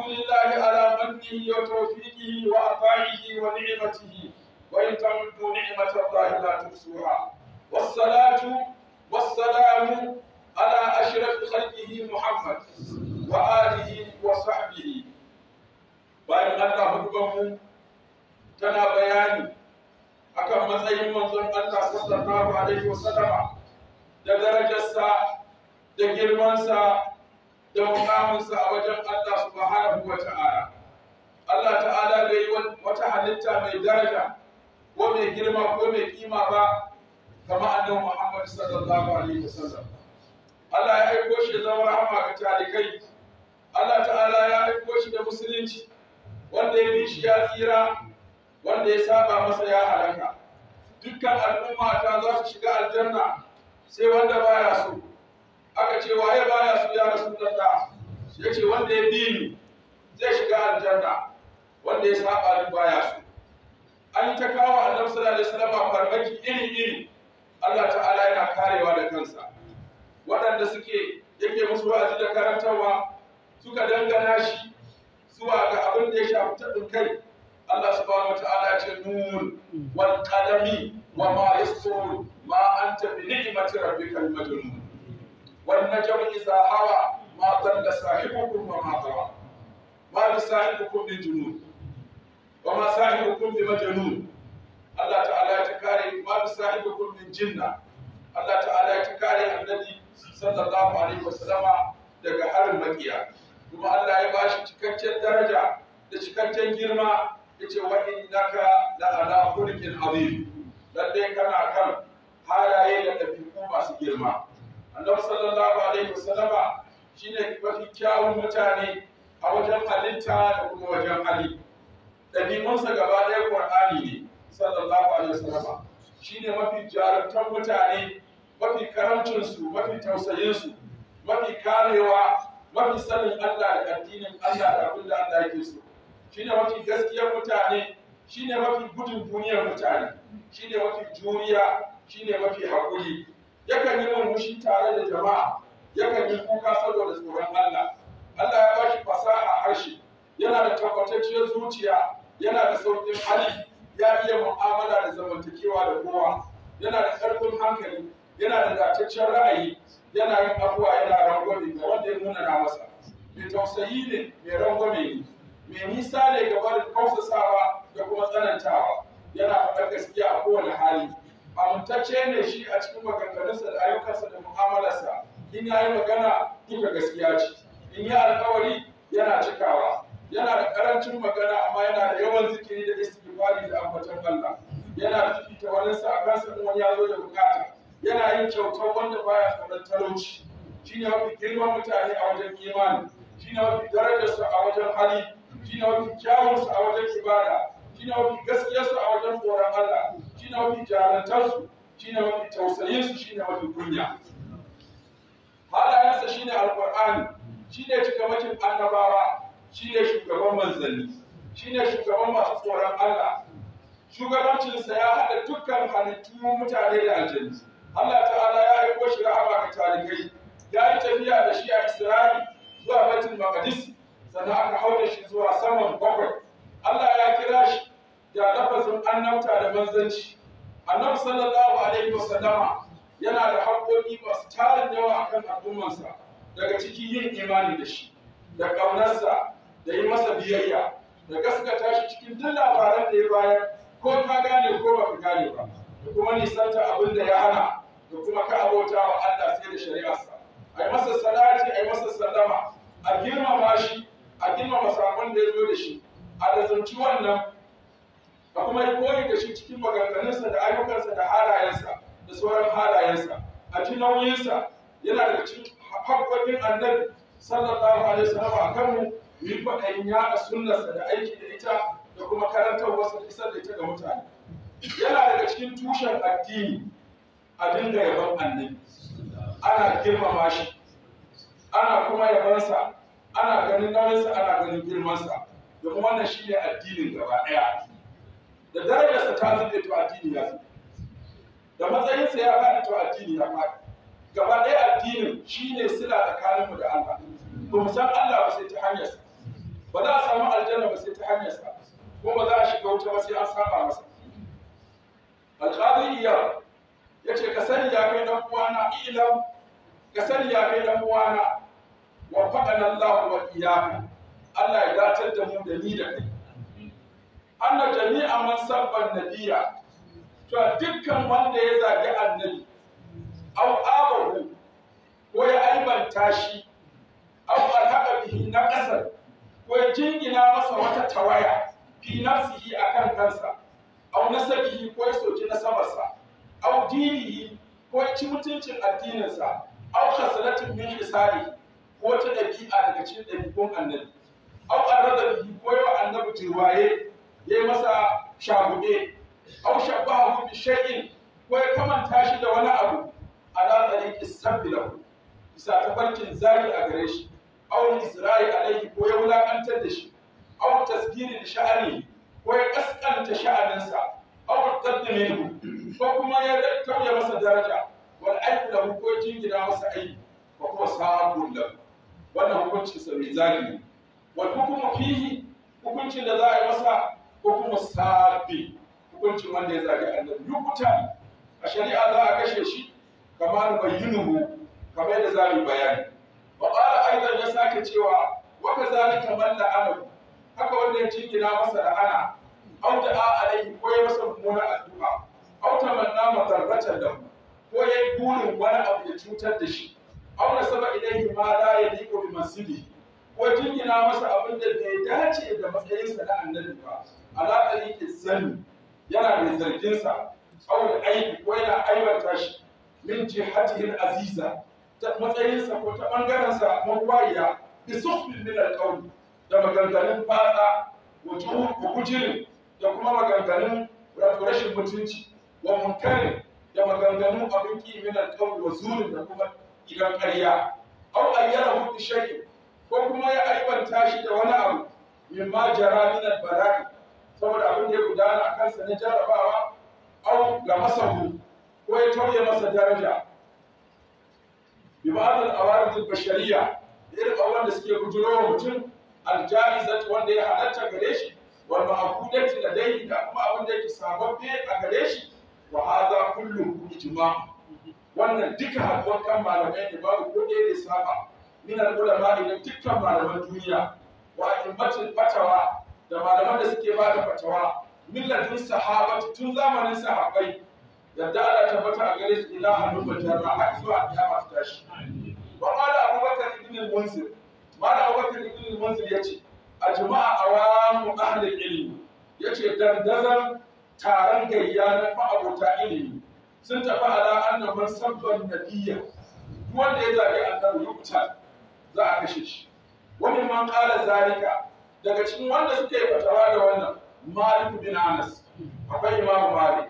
الحمد لله على منه وتوفيقه وعطائه ونعمته وإن تعدوا نعمة الله لا تحصوها والصلاة والسلام على أشرف خلقه محمد وآله وصحبه bayan Allah mu tana bayani akan matsayin manzon Allah sallallahu alaihi wasallama da darajarsa da girmansa da mukaminsa a wajen Allah subhanahu wa ta'ala Allah ta'ala bai wata halitta mai daraja ko mai girma ko mai kima ba kama annabi Muhammad sallallahu alaihi wasallam Allah ya aiko shi da zama rahama ga talikai Allah ta'ala ya aiko shi da musulunci wanda ya bi shi ya tsira wanda ya saba masa ya halaka dukkan al'umma ta za su shiga aljanna sai wanda baya so aka ce wa ya baya su ya rasulullah ya ce wanda ya bi zai shiga aljanna wanda ya saba ni baya su, an ta kawo annabi sallallahu alaihi wasallam farmaki iri iri Allah ta'ala yana karewa da kansa waɗanda suke yake musu wa'azi da karantarwa suka dangana shi zuwa ga abin da ya shafi taɓin kai Allah subhanahu ya ce nur wal qalami wa ma yasur ma anta bi ni'mati rabbikal majnun والنجم إذا هوى ما ضل صاحبكم وما غوى ما لصاحبكم من جنون وما صاحبكم بمجنون الله تعالى يتكاري ما لصاحبكم من جنة الله تعالى يتكاري النبي صلى الله عليه وسلم daga harin makiya kuma Allah ya bashi cikakken daraja da cikakken girma yace wa innaka la ala khuluqin azim lalle kana kan halaye da dabi'u masu girma annabi sallallahu alaihi wasallama shine mafi kyawun mutane a wajen halitta da kuma wajen hali ɗabi'unsa gaba ɗaya ƙur'ani ne sallallahu alaihi wasallama shine mafi jarumtan mutane mafi karamcinsu mafi tausayinsu mafi karewa mafi sanin Allah da addinin Allah da abinda da Allah yake so shine mafi gaskiyar mutane shine mafi gudun duniyar mutane shine mafi juriya shine mafi haƙuri yakan yi murmushi tare da jama'a yakan yi kuka saboda tsoron Allah Allah ya bashi fasaha harshe yana da tabbatacciyar zuciya yana da sauƙin hali ya iya mu'amala da zamantakewa da kowa yana da ƙarfin hankali yana da dataccen ra'ayi yana yin abuwa yana rangwame ga wanda ya nuna na masa mai tausayi ne mai rangwame ne mai nisa ne ga da kausasawa da kuma tsanantawa yana faɗar gaskiya a kowane hali amintacce ne shi a cikin maganganunsa da ayyukansa da mu'amalarsa in ya yi magana duka gaskiya ce in yi alkawari yana cikawa yana da karancin magana amma yana da yawan zikiri da istighfari da ambaton Allah yana da fifita wani sa kansa in wani ya zo da bukata yana yin kyautar wanda baya tsoron talauci shine mafi girman mutane a wajen imani shine mafi darajarsu a wajen hali shine mafi kyawunsu a wajen ibada shine mafi gaskiyarsu a wajen tsoron Allah shine mafi jarantarsu shine mafi tausayinsu shine mafi kunya halayensa shine shi shine cikamakin annabawa shine shugaban manzanni shine shugaban masu tsoron Allah shugabancinsa ya haɗa dukkan halittu mutane da aljanni Allah ta'ala ya aiko shi rahama ga talibai ya yi tafiya da shi a Isra'i zuwa Baitul Maqdis sannan aka haura shi zuwa saman bakwai Allah ya kira shi da lafazin annabta da manzanci annabi sallallahu alaihi wasallama yana da haƙoƙi masu tarin yawa akan al'ummarsa daga ciki yin imani da shi da ƙaunarsa da yi masa biyayya da gaskata shi cikin duk labaran da ya bayar ko ka gane ko ba ka gane ba da kuma nisanta abin da ya hana da kuma ka abota wa Allah sai da shari'arsa a yi masa salati a yi masa sallama a girmama shi a girmama sakon da ya zo da shi a lazanci wannan a kuma yi koyi da shi cikin maganganunsa da ayyukansa da halayensa da sauran halayensa a ji nauyinsa yana da cikin haƙƙoƙin annabi sallallahu alaihi wasallam a kanmu yi kwaɗayin yaɗa sunnarsa da aiki da ita da kuma wasu da isar da ita ga mutane yana daga cikin tushen addini a dinga yaban annabi ana girmama shi ana kuma yabansa ana ganin nauyinsa ana ganin girmansa domin wannan shi ne addinin gaba ɗaya da darajarsa ta zube to addini ya zube da matsayinsa ya faɗi to addini ya faɗi gaba ɗaya addinin shine sila tsakaninmu da Allah ba mu san Allah ba sai ta hanyarsa ba za a samu aljanna ba sai ta hanyarsa ko ba za a shiga wuta ba sai an saba masa alƙadi iya ya ce ka sani ya kai ɗan uwana ilam ka sani ya kai ɗan uwana wa faɗan Allah wa iyaka Allah ya dacar da mu da ni da kai anna jami'a man sabban nabiya To dukkan wanda ya zagi annabi aw abahu ko ya aibanta shi aw alhaqa bihi na ƙasar ko ya jingina masa wata tawaya fi nafsihi akan kansa aw nasabihi ko ya soki nasabarsa aw dinihi ko ya ci mutuncin addininsa aw khasalatin min hisali ko ta ɗabi'a daga cikin ɗabi'un annabi aw arada bihi ko ya annabi jirwaye ya masa shagude au shabahu bi shay'in ko ya kamanta shi da wani abu ala tariqi sabbi lahu bisa tabarkin zaki a gare shi au isra'i alaihi ko ya wulakantar da shi au tasgiri da sha'ani ko ya kaskanta sha'aninsa au tadminu ko kuma ya tauye masa daraja wal aibu lahu ko jingina masa aibu ko kuma sa'abun da wannan hukunci sa mai zalimi wal hukmu fihi hukuncin da za a yi masa ko kuma sabi hukuncin wanda ya zagi annabi yukuta a shari'a za a kashe shi kamar bayyinuhu kamar yadda za mu bayani wa qala aidan ya sake cewa wa kazalika man la'ana haka wanda ya gina masa la'ana aw da'a alaihi ko ya masa mummunan addu'a aw tamanna da mu. ko ya yi burin wani abu ya cutar da shi aw saba ilaihi ma la yaliqu bi masjidi ko jingina masa abin da bai dace da matsayinsa na annabi ba ala tariqi zani yana da zargin sa awul aibi ko yana aibanta shi min jihatihi aziza ta matsayin sa ko ta bangaren sa mawaiya bi sukhmin min alqawl da maganganun fada wato kujirin da kuma maganganun rashin mutunci wa munkarin da maganganun abin ki min alqawl wa zulun da kuma idan ƙarya aw ayyarahu bi shay'in ko kuma ya aibanta shi da wani abu mimma jara min albara'i saboda abin da ya gudana a kansa na jarabawa au ga masahu ko ya tauye masa daraja bi ma'anar awaratul bashariya da irin abubuwan da suke wa mutum aljahizat wanda ya halatta gare shi wal ma'budati ladayhi da kuma abin da yake sababbe a gare shi wa hadha kullu ijma wannan duka hakuwar kan malamai da babu ko ɗaya da saba min al ulama idan dukkan malaman duniya wa a'immatul fatawa da malaman da suke ba da fatawa millatin sahabat tun zamanin sahabai yadda Allah tabbata a gare su ila hannun batar a zuwa kiyama masu tashi wa qala abubakar ibn al-munzir mala abubakar ibn al-munzir yace jama'a awamu ahli al yace dandazan taron gayya na ma'abota ilimi sun tafi ala annaban na nabiyya wanda ya zaɓi annabi yukta za a kashe shi wani man qala zalika daga cikin wanda suke fatawa da wannan Malik bin Anas akwai Imam Malik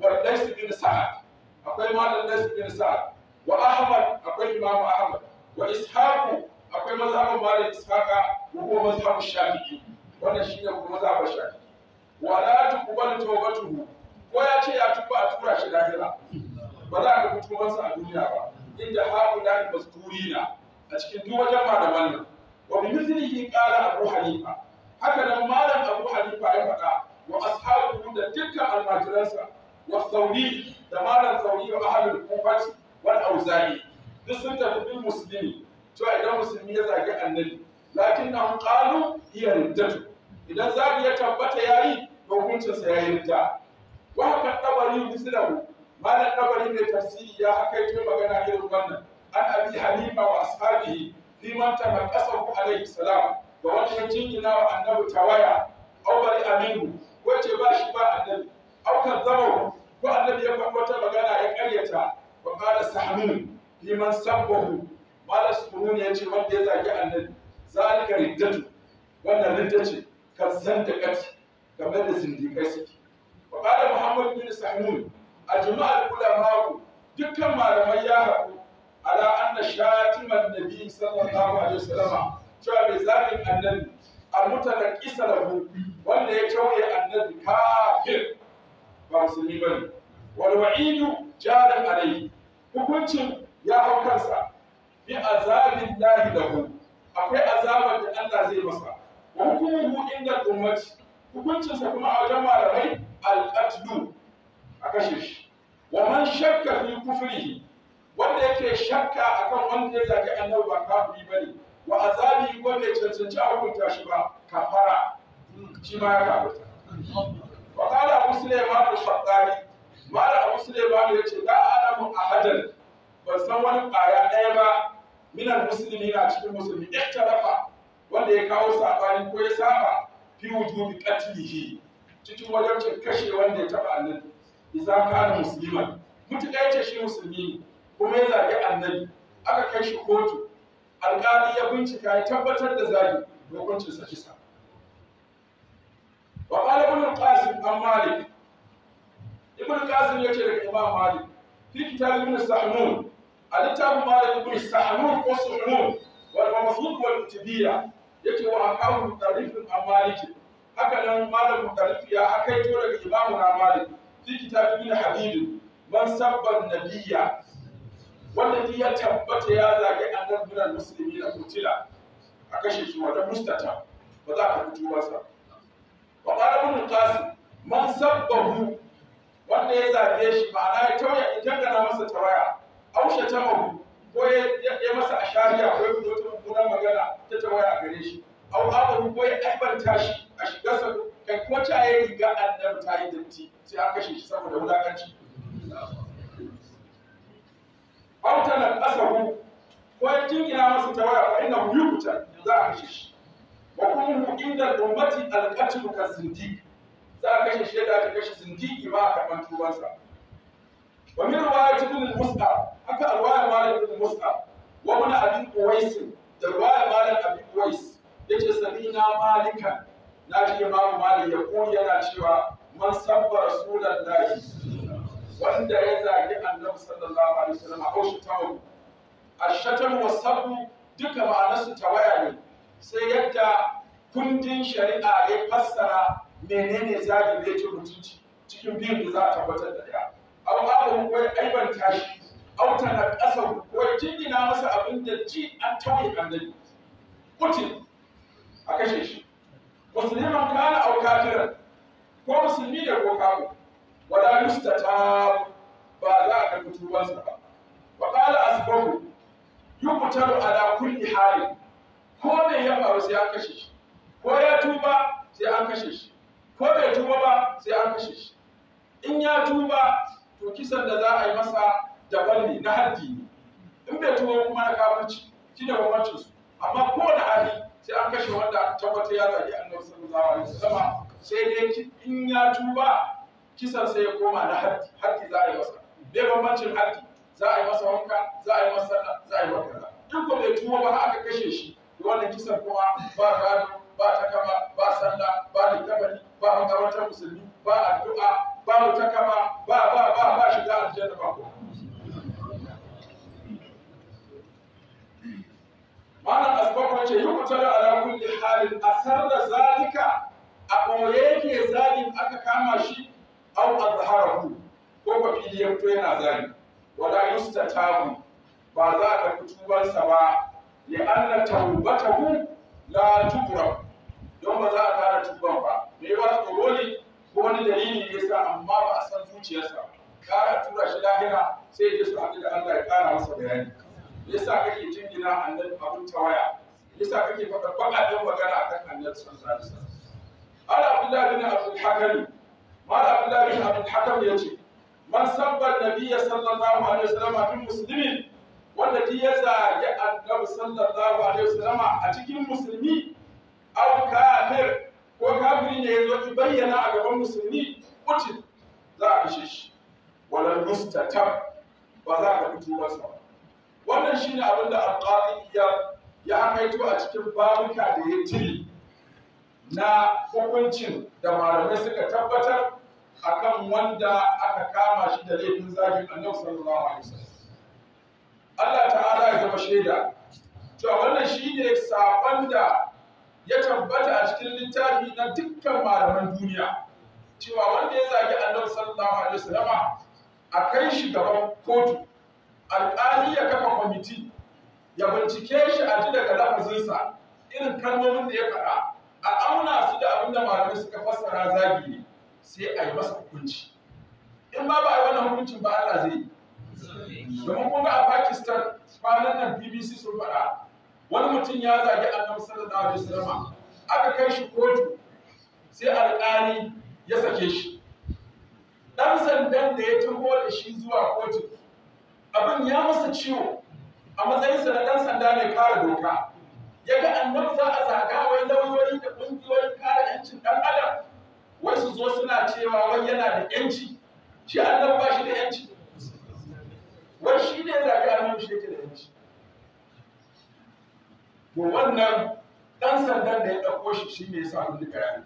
wa Lais bin Sa'ad akwai Malik Lais bin Sa'ad wa Ahmad akwai Imam Ahmad wa Ishaq akwai mazhabin Malik Ishaqa ko kuma mazhabin Shafi'i wannan shine kuma mazhabin Shafi'i wa la tuqbalu tawbatuhu ko ya ce ya tuba a tura shi lahira ba za ka fito masa a duniya ba inda haula masturina a cikin duk wajen malaman nan wa bi mislihi qala abu hanifa haka nan malam abu hanifa ya faɗa wa ashabu da dukkan almajiransa wa sauri da malam sauri wa ahlul kufati wal auza'i duk sun tafi bin musulmi, to idan musulmi ya zagi annabi lakin na qalu hiya riddatu idan zagi ya tabbata yayi to hukuncinsa yayi ridda wa haka tabari mislahu malam tabari mai tafsiri ya hakaito magana irin wannan an abi hanifa wa ashabihi lima ta ku ƙasarku alaihi salam ga wanda ya jingina wa annabi tawaya au bari aminu wace ba shi ba annabi au kazzaba ko annabi ya faɗi magana ya ƙaryata wa qala sahmin liman sabbahu mala sukunun ya ce wanda ya zagi annabi zalika riddatu wannan ridda ce kazzan da kaci game da sindikai suke wa qala muhammad bin sahmin a jama'ar ulama dukkan malamai ya haɗu ala anna shatiman nabi sallallahu alaihi wasallam cewa mai zafin annabi almutana kisa lahu wanda ya tauye annabi kafir ba su musulmi bane wal wa'idu jarin alaihi hukuncin ya hau kansa bi azabin lahi lahu akwai azabar da Allah zai masa wa hukumuhu inda ummati hukuncinsa kuma a wajen malamai al-qatlu a kashe shi wa man shakka fi kufrihi wanda yake shakka akan wanda ya zaki annabi ba kafiri bane wa azabi ko bai cancanci a hukunta shi ba kafara shi ma ya kafirta wa qala abu sulaiman al ma da abu sulaiman yace la a'lamu ahadan ban san wani ƙara ɗaya ba minan musulmi na cikin musulmi tarafa wanda ya kawo sabani ko ya saba fi wujubi qatlihi cikin wajen kashe wanda ya taba annabi idza kana musliman mutum ya ce shi musulmi kuma ya zagi annabi aka kai shi kotu alƙali ya bincika ya tabbatar da zagi hukuncin sa kisa wa qala ibn qasim an malik ibn qasim yace daga imam malik fi kitab ibn sahnun a littafin malik ibn sahnun ko sahnun wal mabsut wal tibiya yace wa akahu tarif an malik haka nan malam tarif ya akai to daga imam malik fi kitab ibn habib man sabba nabiyya Wannan ya tabbata ya zage annabi minal musulmi na kutila a kashe shi wata mustata ba za ka fito ba sa wa qala ibn qasim man sabbahu wanda ya zage shi ba na ya tauya janga na masa tawaya aushe ta mahu ko ya masa ashariya ko ya fito mummunan magana ta tawaya gare shi au mu ko ya aibanta shi a shigarsa kai kuma ta yi riga annabi ta yi datti sai an kashe shi saboda wulakanci jingina masu tawaya fa inna hu yuqta za a kashe shi wa kullu inda ummati al-qatl ka zindiq za a kashe shi da ta kashe zindiqi ba a karban tubansa wa min riwayat ibn al-mus'ab haka riwayat Malam ibn Musa, wa ibn abi qais da riwayat malik abi qais yace sabina malika na ji imamu malik ya koyi yana cewa man sabba rasulullahi wanda ya zagi annabi sallallahu alaihi wasallam a kaushe tawo ashatan wasabu duka ma'anarsu tawaya ne sai yadda kundin shari'a ya fassara menene zagi ne yake mutunci cikin biyun da za a tabbatar da ya abu babu ko aiban tashi, shi auta na ƙasa ko ya jingina masa abin da ji an tawaye kandani mutum a kashe shi musulman kana au kafiran ko musulmi da ko kafu wala yustata ba za a ga mutuwansa ba wa kala asbabu yubtaru ala kulli hali ko me ya faru sai an kashe shi ko ya tuba sai an kashe shi ko bai tuba ba sai an kashe shi in ya tuba to kisan da za a yi masa daban ne na haddi ne in bai tuba kuma na kafirci shi ne bambancin su amma da hali sai an kashe wanda tabbata ya zagi annabi sallallahu alaihi wasallam sai dai in ya tuba kisan sai ya koma na haddi haddi za a yi masa bai bambancin haddi za a yi masa wanka za a yi masa bai tuwo ba aka kashe shi wannan kisan kuma ba gado ba takama ba sanda ba likabani ba makarantar musulmi ba addu'a ba mutakama ba ba ba ba shiga aljanna ba ko malam asbabu ce yuqtalu ala kulli halin da zalika a ɓoye yake zalim aka kama shi au azharahu ko ba fili ya yana zalim wala tabu? ba za a tafi tubarsa ba ya anna taubatahu la tubra don ba za a tara tuban ba me ba su roli ko wani dalili ne yasa amma ba a san zuciyarsa kara tura shi lahira sai ya su abin da Allah ya kara masa bayani yasa kake jingina annabi abin tawaya yasa kake faɗa baƙaƙen magana akan annabi sallallahu alaihi wasallam ala abdullahi bin abdul hakami mala abdullahi bin abdul hakam yace man sabba nabiyya sallallahu alaihi wasallam min muslimin wanda yasa ya annabi sallallahu alaihi wasallama a cikin musulmi aw kafir ko kafiri ne yazo ki bayyana a gaban musulmi kuci za a kashe shi wala mustatab ba za ka fito masa wannan shine abin da alqadi ya ya haito a cikin babuka da ya na hukuncin da malamai suka tabbatar akan wanda aka kama shi da laifin zagin annabi sallallahu alaihi wasallam Allah ta'ala ya zama shaida cewa wannan shine sabon da ya tabbata a cikin littafi na dukkan malaman duniya cewa wanda ya zagi Allah sallallahu alaihi wasallama a kai shi gaban kotu alƙali ya kafa kwamiti ya bincike shi a ji daga lafazinsa irin kalmomin da ya faɗa a auna su da abin da malamai suka fassara zagi ne sai a yi masa hukunci in ba ba a yi wannan hukuncin ba Allah zai yi domin kuma a Pakistan kwanan nan BBC sun faɗa wani mutum ya zagi annabi sallallahu alaihi wasallam aka kai shi kotu sai alƙali ya sake shi dan sandan da ya taho da shi zuwa kotu abin ya masa ciwo a matsayinsa na dan sanda mai kare doka ya ga annabi za a zaga wai lauyoyi da ƙungiyoyin kare 'yancin ɗan adam wai su zo suna cewa wai yana da 'yanci shi annabi ba shi da 'yanci shi yake da yanci to wannan dan sandan da ya dauko shi shi ne ya sa hannun kaya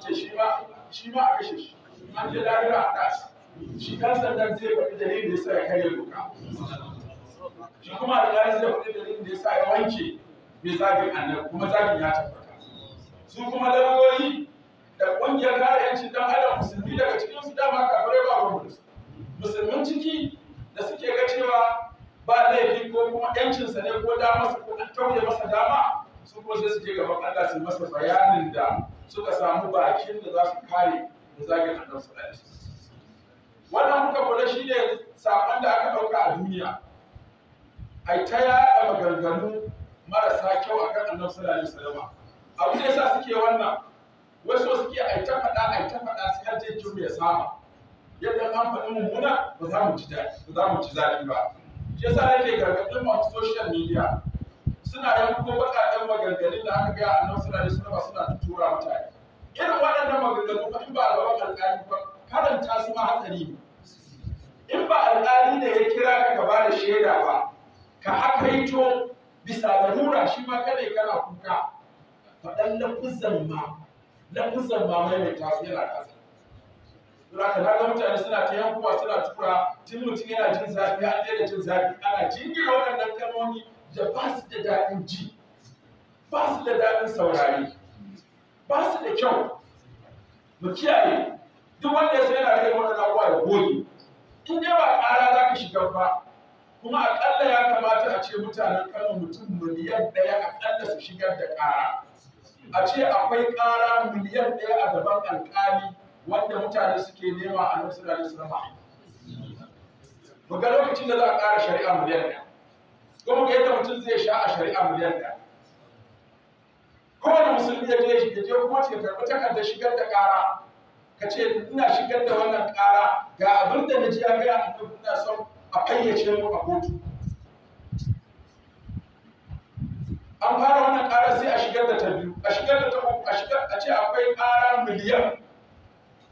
ce shi ba. shi ma a kashe shi an ji lahira a ɗasa shi dan sandan zai faɗi dalilin da ya ya karya doka shi kuma da ya zai faɗi dalilin da ya sa ya wanke mai zagin annabi kuma zagin ya tabbata su kuma lauyoyi da ƙungiyar kare yancin dan adam musulmi daga cikin su dama kafirai ba ruwan musulmin ciki da suke ga cewa ba laifi ko kuma yancinsa ne ko dama su ko an tauye masa dama su ko sai su je gaban Allah su masa bayanin da suka samu bakin da za su kare da zagin Allah su dace wannan muka kula shi ne sakon da aka ɗauka a duniya ai ta yaɗa maganganu marasa kyau akan annabi sallallahu alaihi wasallam abu ne yasa suke wannan wasu suke ai ta faɗa ai ta faɗa sai har jin ya saba yadda an faɗi mummuna ba za mu ci ba za mu ci zafi ba shi yasa nake gargaɗin masu social media suna ko baƙaƙen maganganun da aka gaya annabi sallallahu alaihi wasallam suna tura mutane irin waɗannan maganganu ba in ba a gaban alƙali ba karanta su ma hatsari ne in ba alƙali da ya kira ka ka bada shaida ba ka hakaito bisa larura shi ma kada kana kuka faɗan lafuzan ma lafuzan ma maimaita su yana kasa don haka ga mutane suna ta yankuwa suna tura tun mutum yana jin zafi an daina jin zafi ana jingira waɗannan kalmomi da ba su da daɗin ji ba su da daɗin saurari ba su da kyau mu kiyaye duk wanda ya sai yana rage waɗannan abubuwa goge in yawa ba ƙara za ka shiga ba kuma aƙalla ya kamata a ce mutanen kano mutum miliyan ɗaya aƙalla su shigar da ƙara a ce akwai ƙara miliyan ɗaya a gaban alƙali wanda mutane suke nema a nan suna su rama muga lokacin da za a ƙara shari'a miliyan ɗaya ko muga yadda mutum zai sha a shari'a miliyan ɗaya kowane musulmi ya je shi ya je kuma ce karɓi takardar shigar da ƙara ka ce ina shigar da wannan ƙara ga abin da na ji a gaya annabi ina son a fayyace mu a kotu an fara wannan ƙara sai a shigar da ta biyu a shigar da ta uku a shigar a ce akwai ƙara miliyan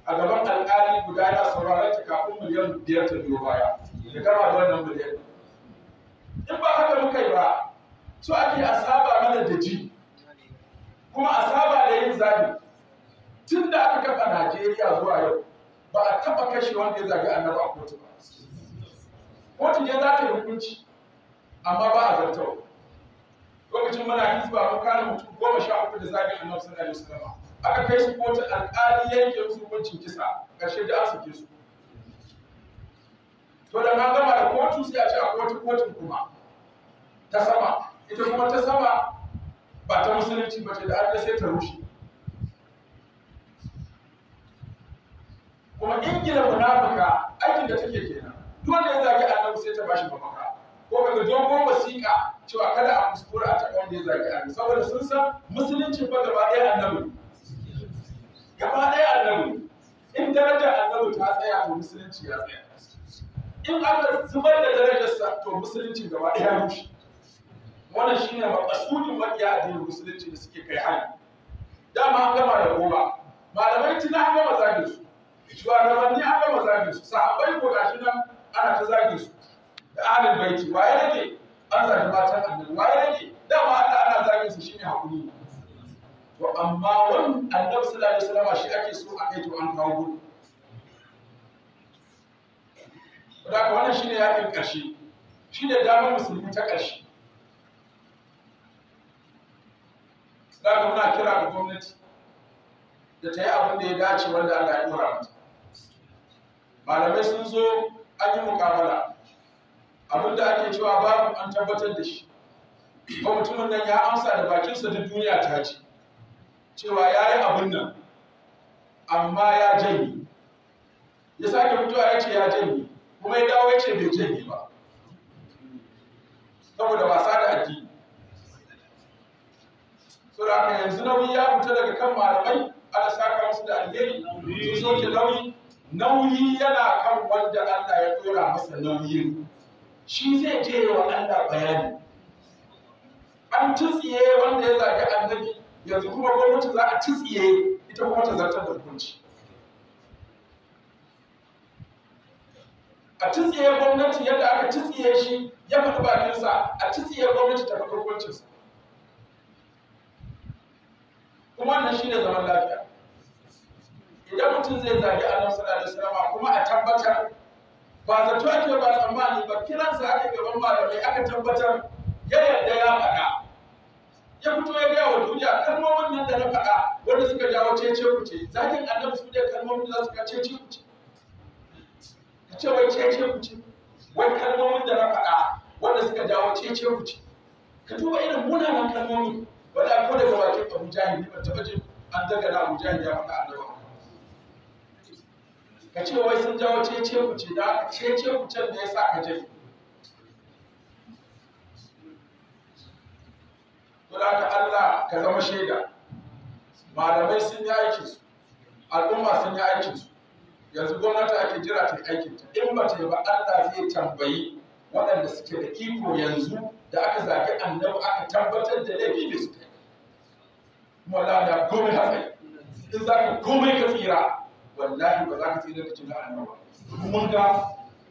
a gaban alƙali guda na sauraron ta kafin miliyan biyar ta biyo baya da kama da wannan miliyan in ba haka muka yi ba su ake saba mana da ji kuma a saba da yin zagi tun da aka kafa Najeriya zuwa yau ba a taba kashe wanda ya zagi annabi a kotu ba kotu ne za ta yi hukunci amma ba a zartawa lokacin muna hizba mun kana mutum goma sha uku da zabi annabi sallallahu alaihi wasallam aka kai su kotu alƙali yanke su hukuncin kisa ƙarshe da an sake su to da an gama da kotu sai a ce a kotu kotun kuma ta sama ita kuma ta sama ba ta musulunci ba ce da an sai ta rushe kuma gina munafuka aikin da take kenan dole wanda ya zagi annabi sai ta bashi mafaka ko kaga dogon wasiƙa cewa kada a kuskura a taɓa wanda ya zagi annabi saboda sun san musulunci ba gaba ɗaya annabi gaba ɗaya annabi in darajar annabi ta tsaya to musulunci ya tsaya in aka zubar da darajarsa to musulunci gaba ɗaya rushe wannan shine makasudin maƙiya addinin musulunci da suke kai hali dama an gama da goma malamai tuna an gama zagin su shugabanni an gama zagin su sahabbai ko gashi nan ana ta zagin su da ahlul baiti waye rage an zagi matan annabi waye rage dama Allah ana zagin su shine hakuri to amma wani annabi sallallahu alaihi wasallam shi ake so a kai to an kawo gudu da haka wannan shine yakin ƙarshe shine damar musulmi ta ƙarshe da haka muna kira ga gwamnati da ta yi abin da ya dace wanda Allah ya dora mata malamai sun zo an yi mukamala abin da ake cewa babu an tabbatar da shi ko mutumin nan ya amsa da bakinsa duk duniya ta ce cewa ya yi abin nan amma ya janye ya sake mutuwa ya ce ya janye kuma ya dawo ya ce bai janye ba saboda wasa da addini saboda haka yanzu nauyi ya fita daga kan malamai ana saka musu da alheri su soke nauyi nauyi yana kan wanda Allah ya tura masa nauyi. shi zai je wa Allah bayani an tutsiye wanda ya zagi annabi yanzu kuma gwamnati za a tsitsiye ita kuma ta zartar da hukunci a tsitsiye gwamnati yadda aka tsitsiye shi ya faɗi bakinsa a tsitsiye gwamnati ta faɗi hukuncinsa kuma wannan shi ne zaman lafiya idan mutum zai zagi nan sallallahu da wasallam kuma a tabbatar ba zato ake ba tsammani ba kiransa aka gaban malamai aka tabbatar ya yarda ya faɗa ya fito ya gaya wa duniya kalmomin nan da na faɗa wanda suka jawo cece kuce zagin annabi su ne kalmomin da za su ga cece kuce ka ce wai cece kuce wai kalmomin da na faɗa wanda suka jawo cece kuce ka duba irin munanan kalmomi wanda a kone ga bakin abu jahil ne ban taɓa jin an daga na abu jahil ya faɗa annabi ka ce wai sun jawo cece kuce da cece kucen da ya sa ka jari Saboda Allah ka zama shaida. Malamai sun yi aikin su, al'umma sun yi aikin su. Yanzu gwamnati ake jira ta aikin ta. In ba ta yi ba Allah zai tambayi waɗanda suke da iko yanzu da aka zaɓi annabi aka tabbatar da laifi da su kai. Kuma Allah da komai hatsari. In za ka komai ka tsira wallahi ba za ka tsira da cin annabi ba. Mun ga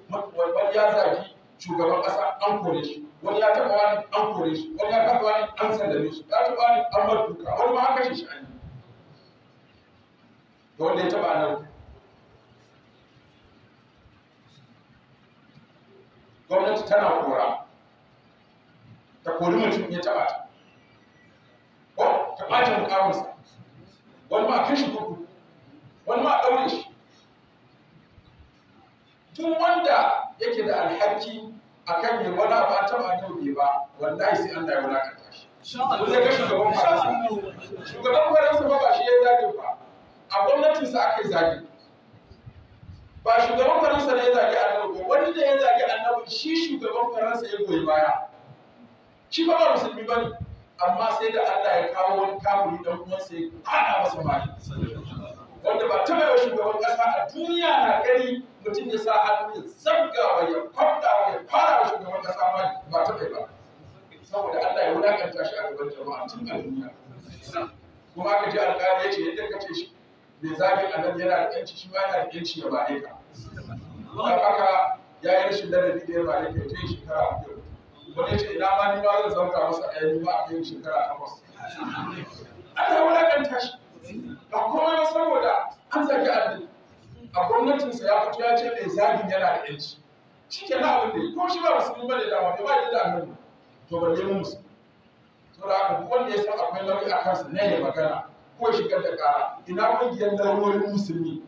wani ya zagi shugaban ƙasa an kore shi. wani ya taɓa wani an kore shi wani ya taɓa wani an sallame shi ya taɓa wani an bar duka wani ma an kashe shi an yi da wanda ya taɓa nan gwamnati tana kora ta kori mutum ya taɓa ta ko ta ɓace mukaminsa wani ma a kashe kurkuku wani ma a ɗaure shi Tun wanda yake da alhaki A akan ya wani abu a taba an ba wanda sai Allah ya wulakanta shi ku zai ga shugaban faransa shugaban faransa ba ba shi ya zage ba a gwamnatinsa aka yi zage ba shugaban faransa ne ya zage annabi ba wani da ya zage annabi shi shugaban faransa ya goyi baya shi ba ba musulmi ba ne amma sai da Allah ya kawo wani kamuri dan uwansa ya kada masa bani wanda ba taɓa yau shugaban ƙasa a duniya na gani mutum ya sa hannu ya wa ya wa ya fara wa shugaban ƙasa ma ba ta kai ba saboda Allah ya wulakanta shi a gaban jama'a tun a duniya kuma aka ji alƙali ya ce yadda ka ce shi mai a nan yana da ƴanci shi ma yana da ƴanci ya bane ka don haka ya yi rashin ladabi da ya bane ka ya ta yi shekara a yau wani ya ce ina ma ni ma zan zauka masa ɗaya ni ma a kai shekara takwas Allah ya wulakanta shi ba kuma saboda an zaki addini a gwamnatinsa ya fito ya ce mai zagin yana da yanci shi ke na abin da ko shi ba musulmi ba da dama ba ba da annabi to ba nemi musulmi saboda wanda ya san akwai nauyi a kansa na ya magana ko shigar da kara ina ƙungiyar lauyoyin musulmi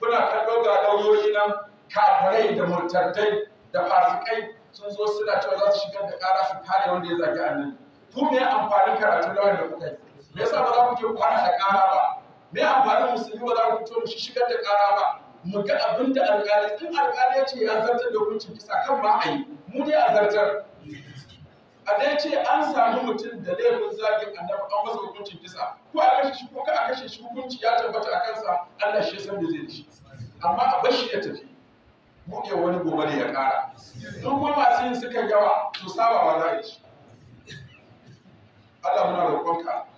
kuna kallo ga lauyoyi nan kafirai da murtaddai da fasikai sun zo suna cewa za su shigar da kara su kare wanda ya zagi annabi ku me amfanin karatu lauyan da kuka yi me yasa ba za ku je ku hana da kara ba me amfanin musulmi ba za ku fito mu shigar da kara ba mu ga abin da alƙali in alƙali ya ce ya zartar da hukuncin kisa kan ba a yi mu dai a zartar a dai ce an samu mutum da laifin zagin annabi an masa hukuncin kisa ko a kashe shi ko ka a kashe shi hukunci ya tabbata a kansa Allah shi san da zai ci amma a bar shi ya tafi buɗe wani gobe ne ya ƙara in kuma masu yin suka yawa to saba ba za a yi Allah muna roƙonka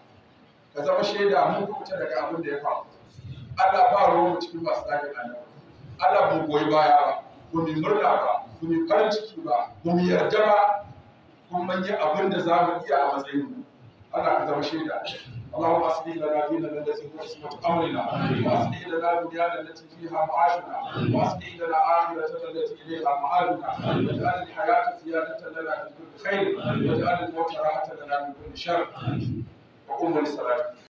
ka zama shaida mun kuɓuta daga abin da ya faru Allah ba ruwan mu cikin masu zagin annabi Allah mu goyi baya ba mu murna ba mu bi farin ciki ba mu bi yarda ba kun manya abin da za mu iya a matsayin mu Allah ka zama shaida اللهم اصلح لنا ديننا الذي هو عصمة أمرنا، واصلح لنا دنيانا التي فيها معاشنا، واصلح لنا آخرتنا التي إليها معادنا، واجعل الحياة زيادة لنا من كل خير، واجعل الموت راحة لنا من كل شر. como ele estará